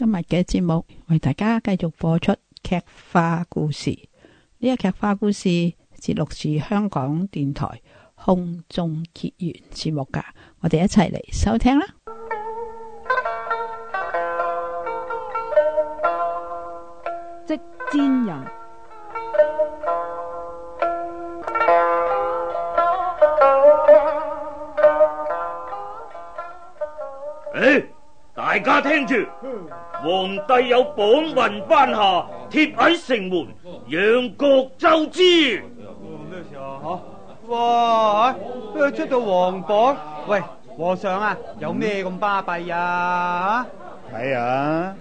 今日嘅節目為大家繼續播出劇化故事，呢、這、一、個、劇化故事節錄自香港電台空中結緣節目噶，我哋一齊嚟收聽啦。即尖人，誒，大家聽住。嗯皇帝有榜文頒下，貼喺城門，讓各州知。咩事啊？吓！哇！都要出到皇榜。喂，和尚啊，有咩咁巴閉啊？睇下、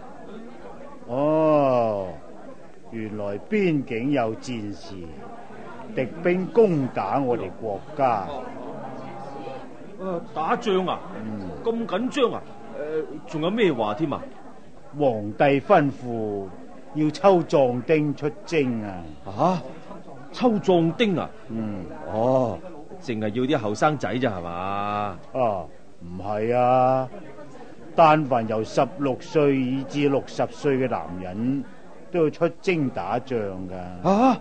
嗯、哦，原來邊境有戰事，敵兵攻打我哋國家。打仗啊？咁緊張啊？誒、呃，仲有咩話添啊？皇帝吩咐要抽壯丁出征啊！吓、啊，抽壯丁啊！嗯，哦，淨係要啲後生仔咋係嘛？哦，唔係啊，但、啊啊、凡由十六歲以至六十歲嘅男人都要出征打仗噶。吓、啊，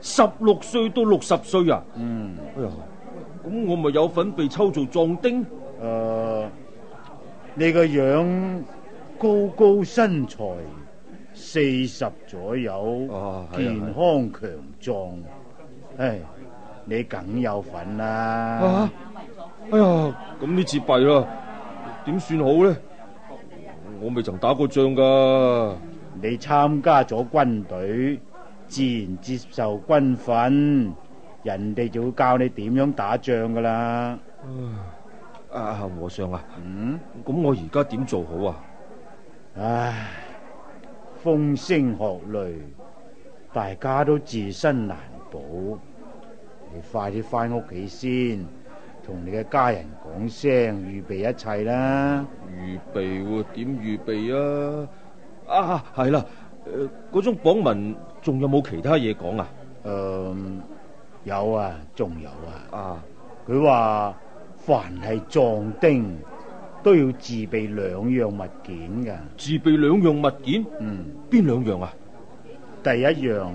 十六歲到六十歲啊？嗯，哎呀，咁我咪有份被抽做壯丁？誒、啊，你個樣？高高身材，四十左右，健康強壯。唉，你梗有份啦！哎呀，咁呢次弊啦，點算好呢？我未曾打過仗噶。你參加咗軍隊，自然接受軍訓，人哋就會教你點樣打仗噶啦。啊，和尚啊，嗯，咁我而家點做好啊？唉，風聲鶴唳，大家都自身難保。你快啲翻屋企先，同你嘅家人講聲，預備一切啦。預備，點預備啊？啊，係啦，誒，嗰種榜文仲有冇其他嘢講啊？嗯，有啊，仲有啊。啊，佢話凡係壯丁。都要自備兩樣物件噶，自備兩樣物件，嗯，邊兩樣啊？第一樣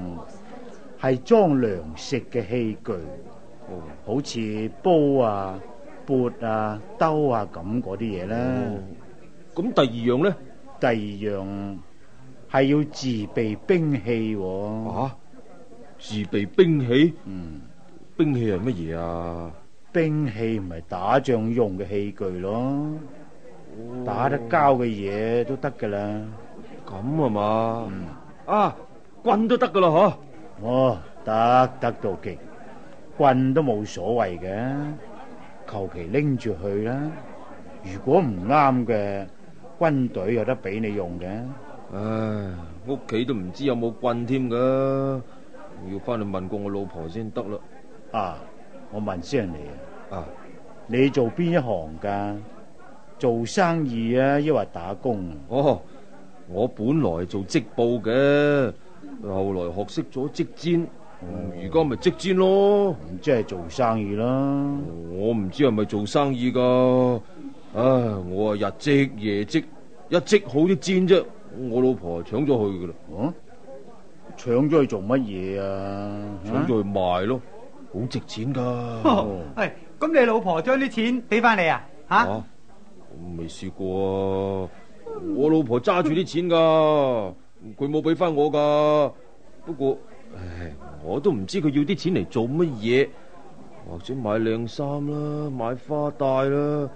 係裝糧食嘅器具，哦，好似煲啊、鉢啊、兜啊咁嗰啲嘢啦。咁第二樣呢，第二樣係要自備兵器。吓，自備兵器？嗯，兵器係乜嘢啊？兵器唔係打仗用嘅器具咯。打得交嘅嘢都得噶啦，咁啊嘛，啊棍都得噶啦嗬，哦得得到極，棍都冇所謂嘅，求其拎住去啦。如果唔啱嘅，軍隊有得俾你用嘅。唉，屋企都唔知有冇棍添噶，要翻去問過我老婆先得啦。啊，我問聲人嚟啊，你做邊一行噶？做生意啊，抑或打工？哦、喔，我本來做織布嘅，後來學識咗織氈，而家咪織氈咯。唔知係做生意啦、喔。我唔知係咪做生意噶。唉，我啊日織夜織，一織好啲氈啫，我老婆搶咗去噶啦。哦，搶咗去做乜嘢啊？搶咗去賣咯，好值錢噶、like。喂，咁你老婆將啲錢俾翻你啊？吓、嗯？未試過啊，我老婆揸住啲錢噶，佢冇俾翻我噶。不過，唉，我都唔知佢要啲錢嚟做乜嘢，或者買靚衫啦，買花帶啦，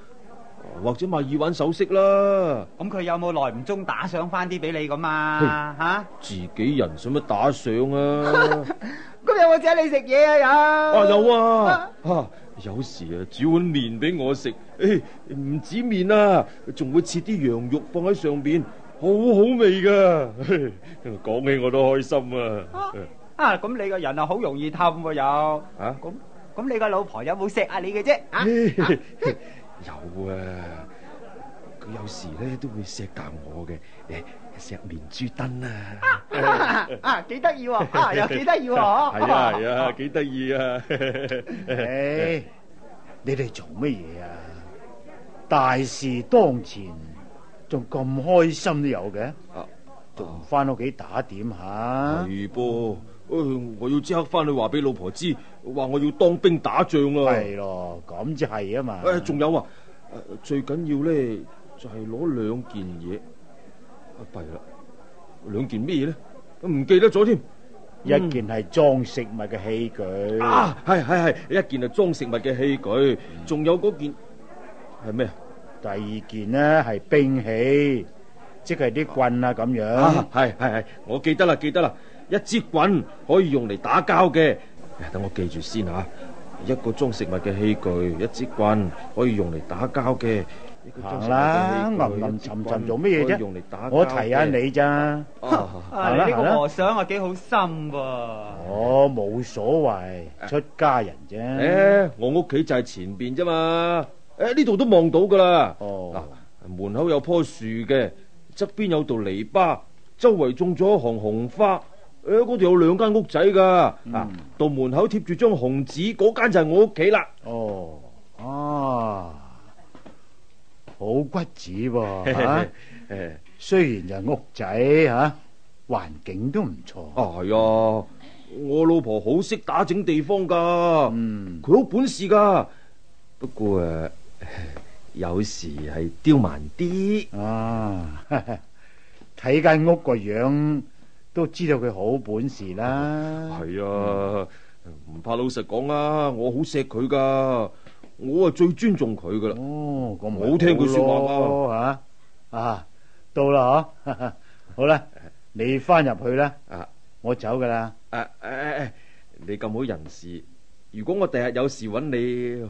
或者買耳環首飾啦。咁佢有冇耐唔中打賞翻啲俾你咁啊？吓嘿，啊、自己人使乜打賞啊？咁 有冇請你食嘢啊？有。哦、啊，有啊。 有時啊，煮碗麵俾我食，唔止麵啊，仲會切啲羊肉放喺上邊，好好味噶。講起我都開心啊！啊，咁你個人啊好容易氹又啊？咁咁你個老婆有冇錫下你嘅啫？啊，有啊，佢有時咧都會錫下我嘅。石棉珠燈啊，啊！啊，幾得意啊！又幾得意嗬！係啊係啊，幾得意啊！誒、啊，啊、 hey, 你哋做乜嘢啊？大事當前，仲咁開心都有嘅？仲唔翻屋企打點下？係噃、啊啊啊，我要即刻翻去話俾老婆知，話我要當兵打仗啊！係咯、啊，咁即係啊嘛！仲、啊、有啊，最緊要咧就係攞兩件嘢。弊啦，兩件咩嘢呢？都唔記得咗添。一件係裝食物嘅器具啊，係係係，一件係裝食物嘅器具。仲有嗰件係咩？第二件呢係兵器，即係啲棍啊咁樣。係係係，我記得啦，記得啦。一支棍可以用嚟打交嘅。等我記住先吓，一個裝食物嘅器具，一支棍可以用嚟打交嘅。係啦，暗暗沉沉做咩嘢啫？用嚟打我提下你咋？係啦、啊，呢、啊、個和尚啊幾好心噃。我冇、哦、所謂，啊、出家人啫、哎。我屋企就係前邊啫嘛。誒、哎，呢度都望到噶啦。嗱、哦啊，門口有棵樹嘅，側邊有道籬笆，周圍種咗一行紅花。誒、哎，嗰度有兩間屋仔噶。嗯、啊，到門口貼住張紅紙，嗰間就係我屋企啦。哦，啊。好骨子喎，誒，雖然就屋仔吓，環境都唔錯。哦，係哦，我老婆好識打整地方噶，嗯，佢好本事噶。不過誒、啊，有時係刁蠻啲啊。睇間屋個樣，都知道佢好本事啦。係啊，唔怕老實講啊，我好錫佢噶。我啊最尊重佢噶啦，唔好聽佢說話啊！啊，到啦嗬，好啦，你翻入去啦，啊，我走噶啦。誒誒誒，你咁好人事，如果我第日有事揾你，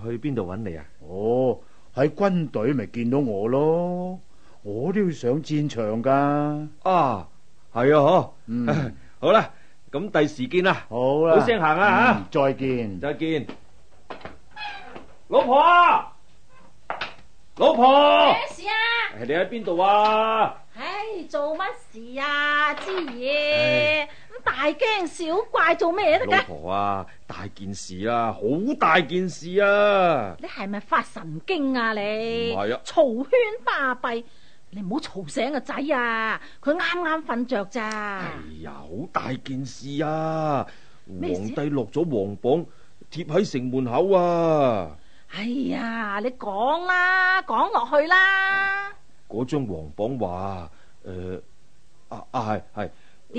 去邊度揾你啊？哦，喺軍隊咪見到我咯，我都要上戰場噶。啊，係啊嗬，嗯，好啦，咁第時見啦，好啦，好聲行啦吓，再見，再見。老婆啊，老婆，咩事啊？你喺邊度啊？唉、哎，做乜事啊？之言咁大驚小怪做咩得嘅？老婆啊，大件事啊，好大件事啊！你係咪發神經啊？你唔係啊？嘈喧巴閉，你唔好嘈醒個仔啊！佢啱啱瞓着咋。哎呀，好大件事啊！事皇帝落咗黃榜貼喺城門口啊！哎呀，你講啦，講落去啦。嗰張、啊、黃榜話，誒、呃，啊啊係係，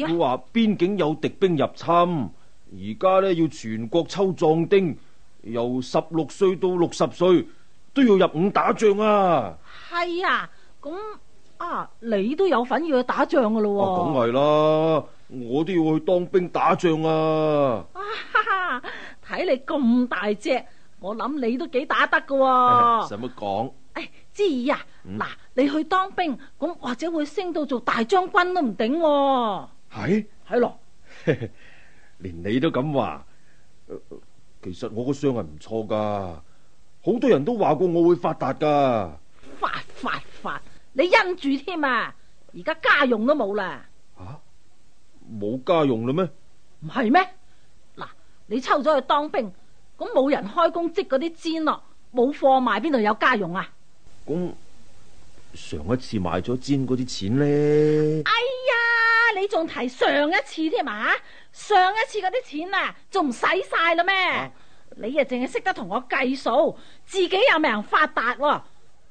佢話邊境有敵兵入侵，而家呢要全國抽壯丁，由十六歲到六十歲都要入伍打仗啊。係啊，咁啊，你都有份要去打仗噶咯、啊？梗係啦，我都要去當兵打仗啊。啊哈哈，睇你咁大隻！我諗你都幾打得噶，使乜講？誒，知爾啊，嗱，你去當兵咁，或者會升到做大將軍都唔頂。係係咯，連你都咁話，其實我個傷係唔錯噶，好多人都話過我會發達噶。發發發，你因住添啊！而家家用都冇啦。啊，冇家用嘞咩？唔係咩？嗱，你抽咗去當兵。咁冇人開工織嗰啲氈咯，冇貨賣，邊度有家用啊？咁上一次賣咗氈嗰啲錢咧？哎呀，你仲提上一次添嘛？上一次嗰啲錢啊，仲唔使晒啦咩？你啊，淨係識得同我計數，自己又命人發達喎？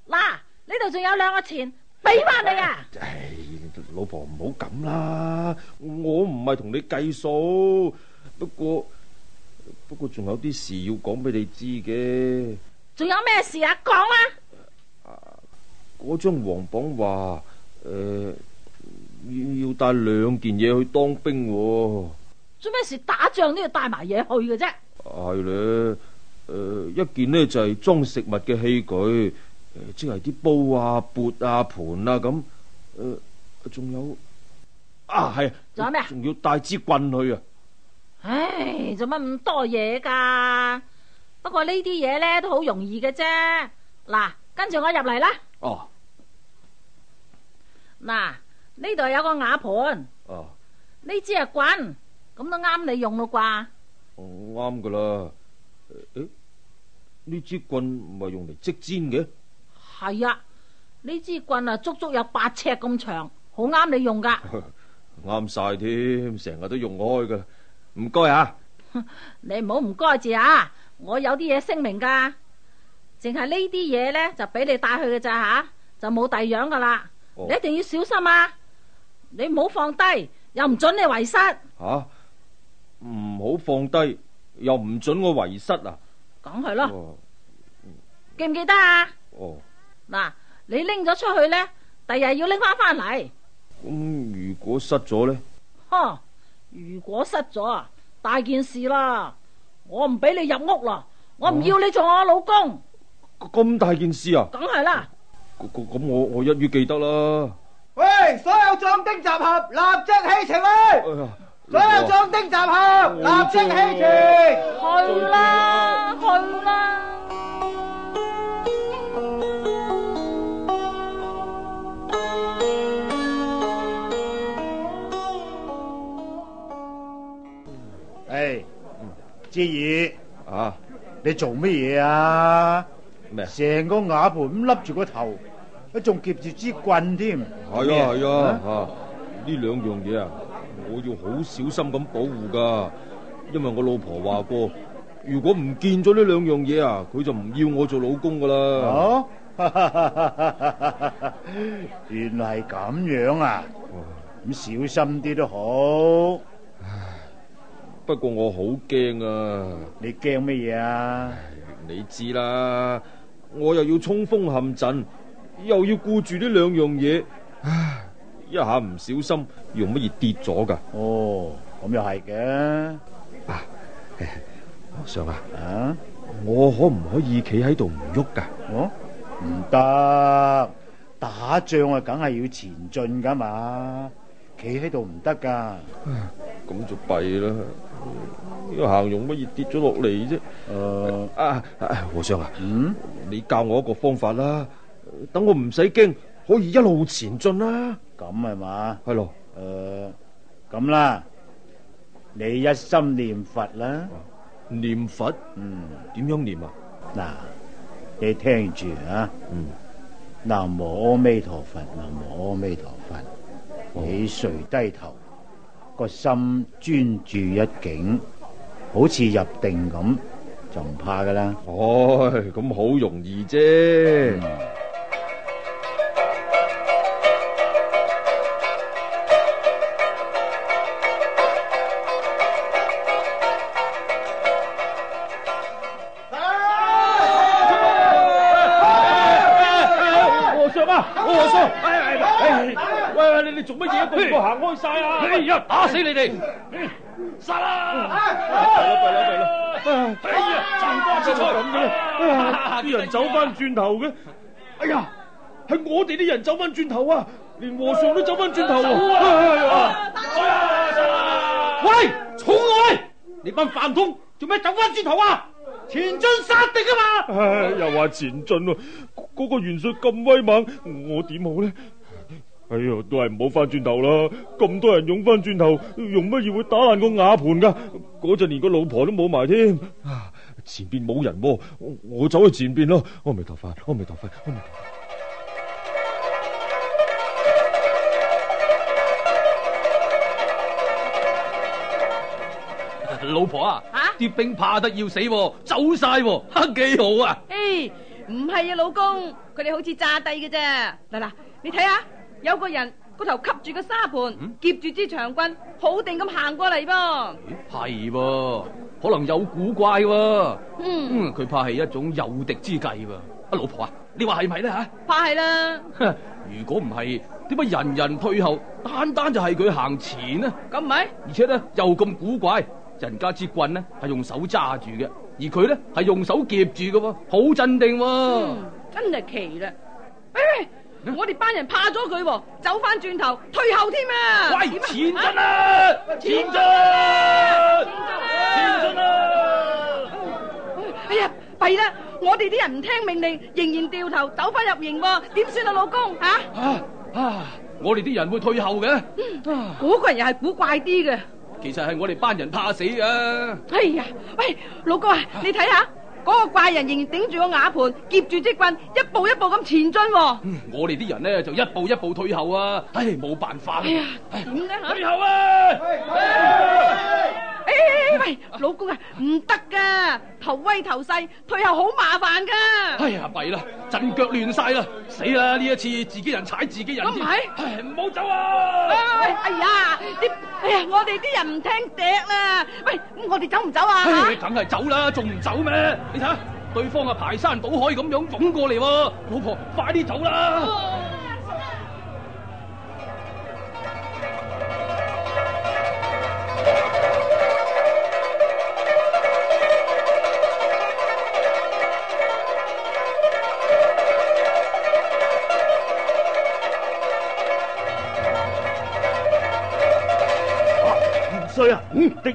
嗱、啊，呢度仲有兩個錢，俾翻你啊！唉、哎，老婆唔好咁啦，我唔係同你計數，不過。不過仲有啲事要講俾你知嘅，仲有咩事啊？講啊！啊，嗰張黃榜話，誒，要帶兩件嘢去當兵。做咩事打仗都要帶埋嘢去嘅啫？係咧，誒，一件呢就係裝食物嘅器具，誒，即係啲煲啊、鉢啊、盤啊咁，誒，仲有啊，係啊，仲有咩？仲要帶支棍去啊！唉，做乜咁多嘢噶、啊？不過呢啲嘢咧都好容易嘅啫。嗱，跟住我入嚟啦。哦、啊。嗱，呢度有個瓦盤。哦、啊。呢支係棍，咁都啱你用咯啩？好啱噶啦。呢支、欸、棍唔係用嚟織氈嘅？係啊，呢支棍啊，足足有八尺咁長，好啱你用噶。啱晒添，成日都用開噶。唔該啊！你唔好唔該住啊！我有啲嘢聲明噶，淨係呢啲嘢咧就俾你帶去嘅咋吓，就冇第樣噶啦。你一定要小心啊！你唔好放低，又唔准你遺失吓，唔好放低，又唔准我遺失啊！講佢咯，記唔記得啊？哦，嗱，你拎咗出去咧，第二日要拎翻翻嚟。咁如果失咗咧？呵。如果失咗啊，大件事啦！我唔俾你入屋啦，我唔要你做我老公。咁、啊、大件事啊，梗係啦。咁我我一於記得啦。喂，所有壯丁集合，立即起程去！呃、所有壯丁集合，啊、立即起程！去啦！ infinity exploring 啲嘢啊！你做乜嘢啊？成麼個瓦盆咁笠住個頭，佢仲夾住支棍添。係啊係啊，吓呢兩樣嘢啊，啊啊我要好小心咁保護噶。因為我老婆話過，嗯、如果唔見咗呢兩樣嘢啊，佢就唔要我做老公噶啦。哦， 原來係咁樣啊！咁、啊、小心啲都好。不過我好驚啊！你驚乜嘢啊？你知啦，我又要衝鋒陷陣，又要顧住呢兩樣嘢，唉，一下唔小心用乜嘢跌咗噶。哦，咁又係嘅。啊，上啊，啊我可唔可以企喺度唔喐噶？哦，唔得，打仗啊，梗係要前進噶嘛。企喺度唔得噶，咁就弊啦。呢個行用乜嘢跌咗落嚟啫？誒，阿阿和尚啊，嗯，你教我一個方法啦，等我唔使驚，可以一路前進啦。咁係嘛？係咯，誒，咁啦，你一心念佛啦，念佛，嗯，點樣念啊？嗱，你聽住啊，南無阿彌陀佛，南無阿彌陀佛。你垂低頭，個心專注一景，好似入定咁，就唔怕㗎喇。哦，咁好容易啫。哎呀！打死你哋，殺啦！弊啦，弊啦，弊啦！哎呀，陣亡之災！啲人走翻轉頭嘅，哎呀，係我哋啲人走翻轉頭啊！連和尚都走翻轉頭啊！打佢啊！殺啊！喂，草外，你班飯桶做咩走翻轉頭啊？前進殺敵啊嘛！唉，又話前進咯，嗰個元帥咁威猛，我點好呢？哎喲，都係唔好翻轉頭啦！咁多人湧翻轉頭，用乜嘢會打爛個瓦盤噶？嗰陣連個老婆都冇埋添。前邊冇人我，我走去前邊囉。我未頭髮，我未頭髮，我未老婆啊，啊！啲兵怕得要死，啊，走晒，啊，黑幾好啊！誒，唔係啊，老公，佢哋好似炸低嘅啫。嗱嗱，你睇下。有個人個頭吸住個沙盤，夾住、嗯、支長棍，好定咁行過嚟噃。係噃，可能有古怪喎。嗯，佢、嗯、怕係一種誘敵之計噃。啊，老婆啊，你話係咪係咧吓？怕係啦。 如果唔係，點解人人退後，單單就係佢行前呢？咁唔係，而且咧又咁古怪，人家支棍呢係用手揸住嘅，而佢咧係用手夾住嘅喎，好鎮定喎、嗯。真係奇啦！喂、哎、喂。我哋班人怕咗佢喎，走翻轉頭，退後添啊！喂，前進啊！前進啊，前進啦！哎呀，弊啦！我哋啲人唔聽命令，仍然掉頭走翻入營，點算啊，老公？吓啊啊，啊！我哋啲人會退後嘅。嗰、嗯，嗰個人又係古怪啲嘅。其實係我哋班人怕死啊！哎呀，喂，老公啊，你睇下。啊嗰個怪人仍然頂住個瓦盤，夾住支棍，一步一步咁前進啊。嗯，我哋啲人呢，就一步一步退後啊。唉，冇辦法啦。哎呀，點、哎、呢？退後啊！哎喂，老公啊，唔得噶，頭威頭勢，退後好麻煩噶。哎呀，弊啦，陣腳亂晒啦，死啦，呢一次自己人踩自己人。咁唔係，唔好走啊哎！哎呀，點？哎呀，我哋啲人唔聽笛啦。喂、哎，咁我哋走唔走啊？梗係走啦，仲唔走咩？你睇下，對方啊排山倒海咁樣湧過嚟，老婆快啲走啦！啊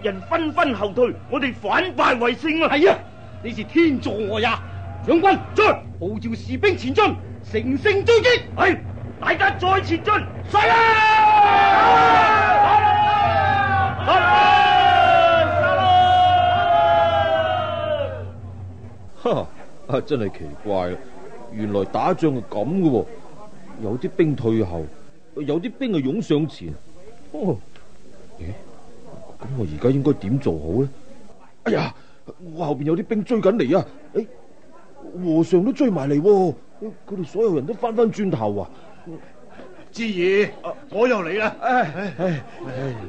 人紛紛後退，我哋反敗為勝啦！係啊，你是天助我也！將軍追號召士兵前進，乘勝追擊。係，大家再前進！殺啦！哈哈，真係奇怪啦，原來打仗係咁噶，有啲兵退後，有啲兵啊湧上前。我而家應該點做好咧？哎呀，我後邊有啲兵追緊嚟啊！誒、哎，和尚都追埋嚟，啊，佢哋所有人都翻翻轉頭啊！志兒，我又嚟啦！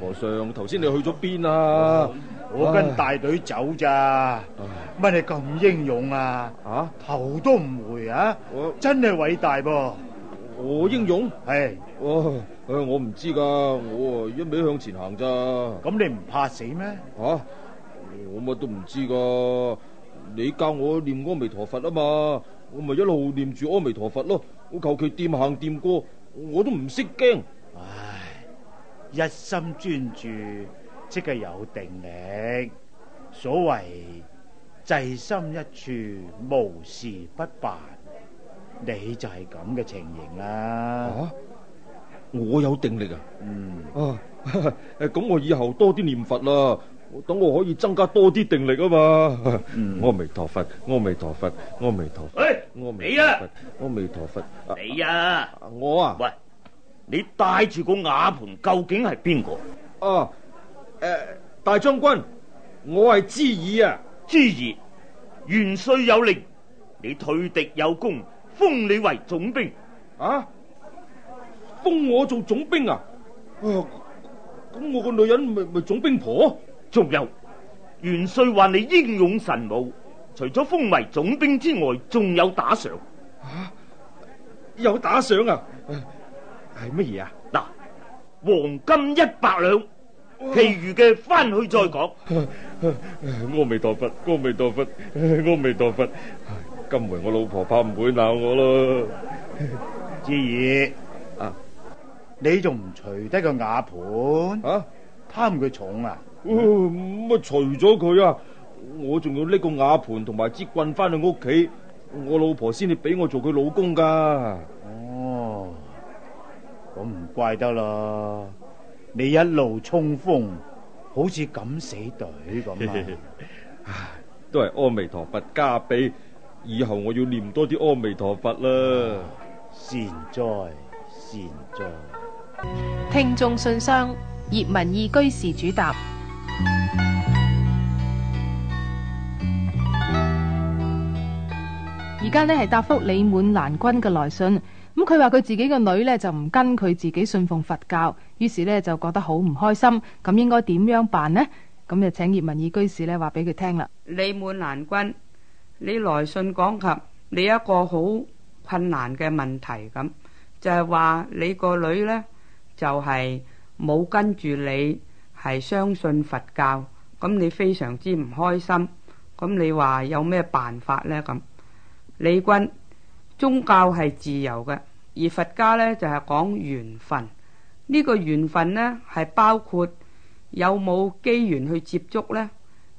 和尚，頭先你去咗邊啊？我，我跟大隊走咋？乜唉你咁英勇啊？吓、啊，頭都唔回啊！我真係偉大噃，啊，我英勇係。是誒，我唔知噶，我啊一味向前行咋。咁你唔怕死咩？吓，我乜都唔知噶。你教我念阿彌陀佛啊嘛，我咪一路念住阿彌陀佛咯。我求其掂行掂過，我都唔識驚。唉，一心專注即係有定力。所謂制心一處，無事不辦。你就係咁嘅情形啦。我有定力啊，um, 啊！啊，咁我以後多啲念佛啦，我等我可以增加多啲定力啊嘛！阿、啊、彌、um, 陀佛，阿彌陀佛，阿彌陀佛，阿彌陀佛，陀佛你啊！阿彌陀佛，你啊！我啊！喂，你帶住個瓦盆，究竟係邊個？哦，誒，大將軍，我係知爾啊，知爾，元帥有令，你退敵有功，封你為總兵啊！封我做總兵啊！咁我個女人咪咪總兵婆。仲有元帥話你英勇神武，除咗封為總兵之外，仲有打賞。吓，有打賞啊？係乜嘢啊？嗱，黃金一百兩，其餘嘅，翻去再講。阿彌陀佛，阿彌陀佛，阿彌陀佛。今回我老婆怕唔會鬧我咯。之二。你仲唔除低個瓦盤？啊？貪佢重啊！唔咪除咗佢啊，我仲要拎個瓦盤同埋支棍翻去屋企，我老婆先至俾我做佢老公噶。哦，咁唔怪得啦，你一路衝鋒，好似敢死隊咁唉， 都係阿彌陀佛加庇，以後我要念多啲阿彌陀佛啦，哦。善哉善哉。聽眾信箱，葉文義居士主答。而家呢，係答覆李滿蘭君嘅來信。咁佢話佢自己個女呢，就唔跟佢自己信奉佛教，於是呢，就覺得好唔開心。咁應該點樣辦呢？咁就請葉文義居士呢話俾佢聽啦。李滿蘭君，你來信講及你一個好困難嘅問題，咁就係話你個女呢。」就係冇跟住你係相信佛教，咁你非常之唔開心。咁你話有咩辦法呢？咁李君，宗教係自由嘅，而佛家呢就係、是、講緣分。呢、這個緣分呢係包括有冇機緣去接觸呢，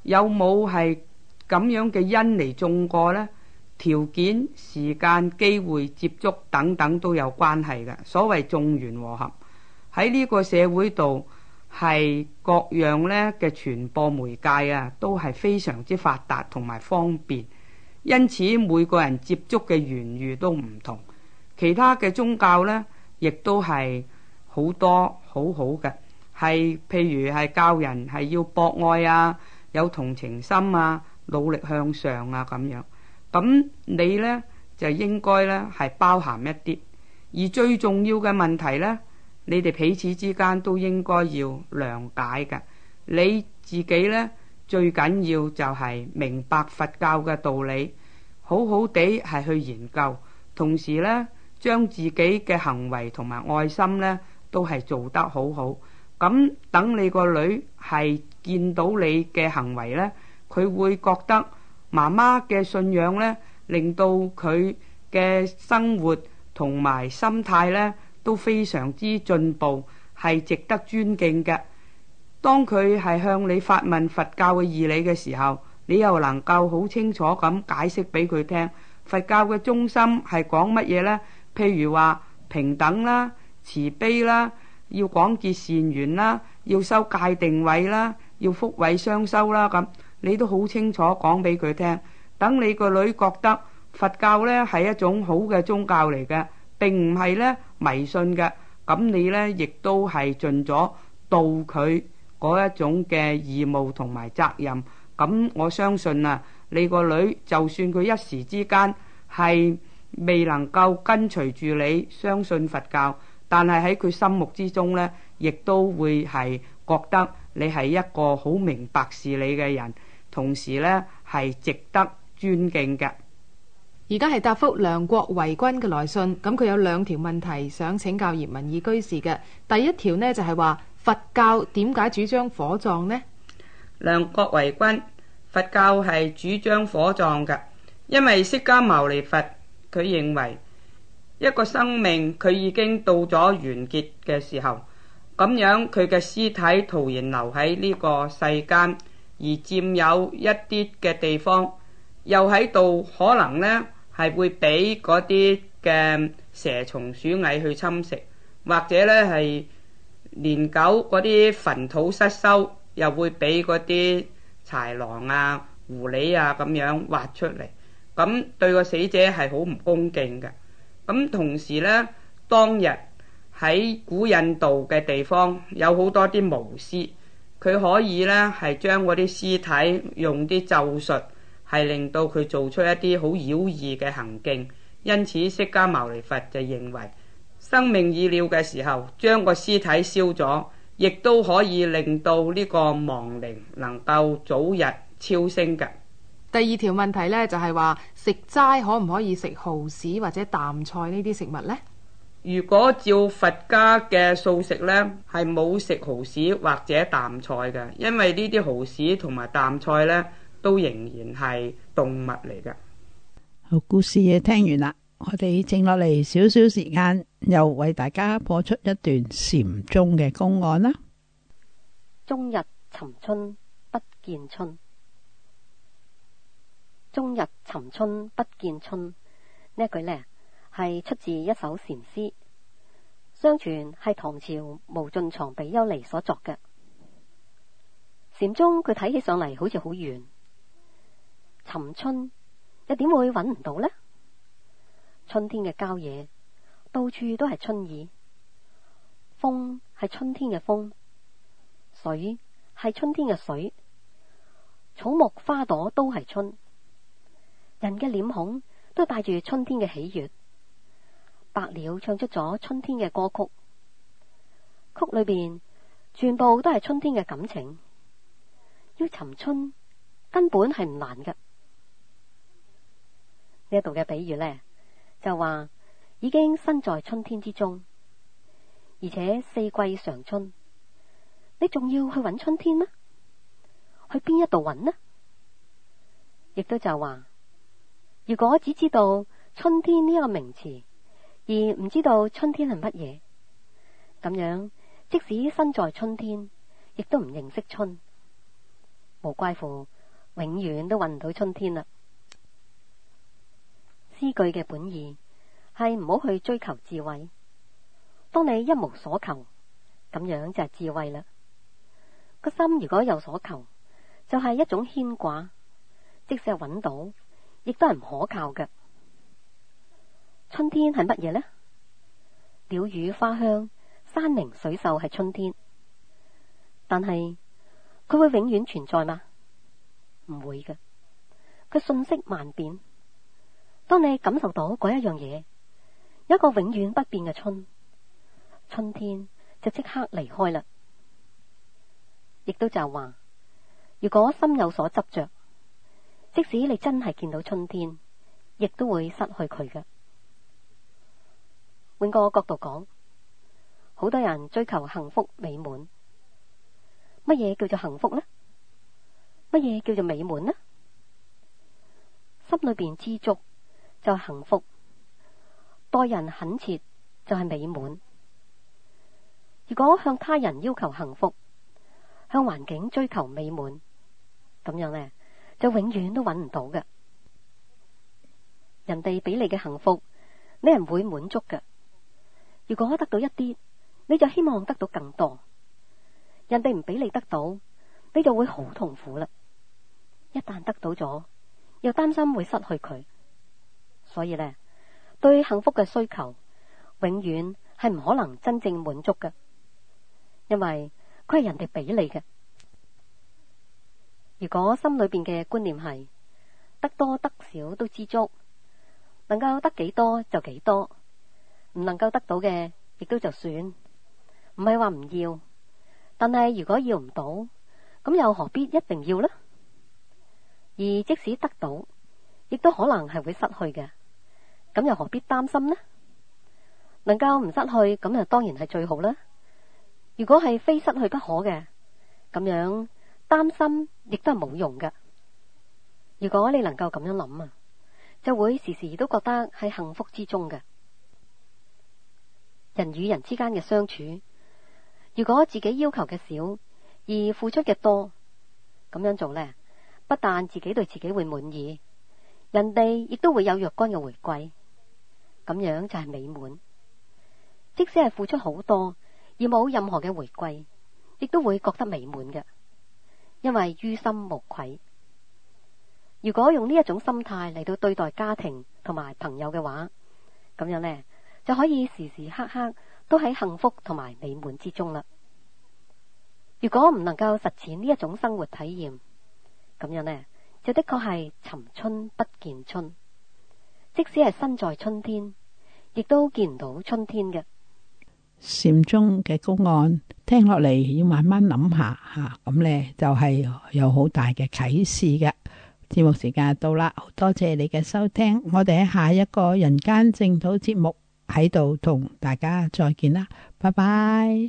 有冇係咁樣嘅因嚟種過呢，條件、時間、機會、接觸等等都有關係嘅。所謂眾緣和合。喺呢個社會度係各樣咧嘅傳播媒介啊，都係非常之發達同埋方便。因此，每個人接觸嘅言語都唔同。其他嘅宗教呢，亦都係好多好好嘅，係譬如係教人係要博愛啊，有同情心啊，努力向上啊咁樣。咁你呢，就應該咧係包含一啲，而最重要嘅問題呢。你哋彼此之間都應該要諒解嘅。你自己呢，最緊要就係明白佛教嘅道理，好好地係去研究，同時呢將自己嘅行為同埋愛心呢都係做得好好。咁等你個女係見到你嘅行為呢，佢會覺得媽媽嘅信仰呢令到佢嘅生活同埋心態呢，都非常之進步，係值得尊敬嘅。當佢係向你發問佛教嘅義理嘅時候，你又能夠好清楚咁解釋俾佢聽。佛教嘅中心係講乜嘢呢？譬如話平等啦、慈悲啦、要廣結善緣啦、要修戒定慧啦、要福慧雙修啦，咁你都好清楚講俾佢聽。等你個女覺得佛教呢係一種好嘅宗教嚟嘅，並唔係呢。迷信嘅，咁你呢亦都係盡咗道佢嗰一種嘅義務同埋責任。咁我相信啊，你個女就算佢一時之間係未能夠跟隨住你相信佛教，但係喺佢心目之中呢，亦都會係覺得你係一個好明白事理嘅人，同時呢係值得尊敬嘅。而家係答覆梁國維君嘅來信，咁佢有兩條問題想請教葉民意居士嘅。第一條呢就係話佛教點解主張火葬呢？梁國維君，佛教係主張火葬嘅，因為釋迦牟尼佛佢認為一個生命佢已經到咗完結嘅時候，咁樣佢嘅屍體徒然留喺呢個世間而佔有一啲嘅地方，又喺度可能呢？係會俾嗰啲嘅蛇、蟲、鼠、蟻去侵蝕，或者呢係年久嗰啲墳土失收，又會俾嗰啲豺狼啊、狐狸啊咁樣挖出嚟，咁對個死者係好唔恭敬嘅。咁同時呢，當日喺古印度嘅地方有好多啲巫師，佢可以呢係將嗰啲屍體用啲咒術。係令到佢做出一啲好妖異嘅行徑，因此釋迦牟尼佛就認為，生命已了嘅時候，將個屍體燒咗，亦都可以令到呢個亡靈能夠早日超升嘅。第二條問題呢，就係話食齋可唔可以食蠔豉或者淡菜呢啲食物呢？如果照佛家嘅素食呢，係冇食蠔豉或者淡菜嘅，因為呢啲蠔豉同埋淡菜呢，」都仍然係動物嚟嘅。好，故事嘅聽完啦，我哋剩落嚟少少時間，又為大家播出一段禪宗嘅公案啦。終日尋春不見春，終日尋春不見春。呢句呢，係出自一首禪詩，相傳係唐朝無盡藏比丘尼所作嘅。禪宗佢睇起上嚟好似好遠。尋春又點會搵唔到呢？春天嘅郊野到處都係春意，風係春天嘅風，水係春天嘅水，草木花朵都係春，人嘅臉孔都帶住春天嘅喜悦，白鳥唱出咗春天嘅歌曲，曲裏邊全部都係春天嘅感情，要尋春根本係唔難嘅。呢度嘅比喻呢，就話已經身在春天之中，而且四季常春，你仲要去搵春天咩？去邊一度搵呢？亦都就話，如果只知道春天呢一個名詞，而唔知道春天係乜嘢，咁樣即使身在春天，亦都唔認識春，無怪乎永遠都搵唔到春天啦。呢句嘅本意係唔好去追求智慧。當你一無所求，咁樣就係智慧啦。個心如果有所求，就係、是、一種牽掛。即使揾到，亦都係唔可靠嘅。春天係乜嘢呢？鳥語花香、山明水秀係春天，但係佢會永遠存在嗎？唔會嘅，佢瞬息萬變。當你感受到嗰一樣嘢，一個永遠不變嘅春，春天就即刻離開啦。亦都就話，如果心有所執着，即使你真係見到春天，亦都會失去佢㗎。換個角度講，好多人追求幸福美滿。乜嘢叫做幸福呢？乜嘢叫做美滿呢？心裏邊知足。就幸福，待人懇切就係美滿。如果向他人要求幸福，向環境追求美滿，咁樣呢，就永遠都揾唔到嘅。人哋俾你嘅幸福，你係唔會滿足嘅。如果得到一啲，你就希望得到更多。人哋唔俾你得到，你就會好痛苦啦。一旦得到咗，又擔心會失去佢。所以呢，對幸福嘅需求永遠係唔可能真正滿足嘅，因為佢係人哋俾你嘅。如果心裏邊嘅觀念係得多得少都知足，能夠得幾多就幾多，唔能夠得到嘅亦都就算，唔係話唔要，但係如果要唔到，咁又何必一定要呢？而即使得到，亦都可能係會失去嘅。咁又何必擔心呢？能夠唔失去，咁就當然係最好啦。如果係非失去不可嘅，咁樣擔心亦都係冇用㗎。如果你能夠咁樣諗啊，就會時時都覺得喺幸福之中嘅。人與人之間嘅相處，如果自己要求嘅少而付出嘅多，咁樣做呢，不但自己對自己會滿意，人哋亦都會有若干嘅回饋。咁樣就係美滿，即使係付出好多而冇任何嘅回歸，亦都會覺得美滿嘅，因為於心無愧。如果用呢一種心態嚟到對待家庭同埋朋友嘅話，咁樣呢就可以時時刻刻都喺幸福同埋美滿之中啦。如果唔能夠實踐呢一種生活體驗，咁樣呢就的確係尋春不見春。即使係身在春天，亦都見唔到春天嘅。禪宗嘅公案，聽落嚟，要慢慢諗下吓，咁、啊、呢就係、是、有好大嘅啟示嘅。節目時間到啦，多謝你嘅收聽，我哋喺下一個人間淨土節目喺度同大家再見啦，拜拜。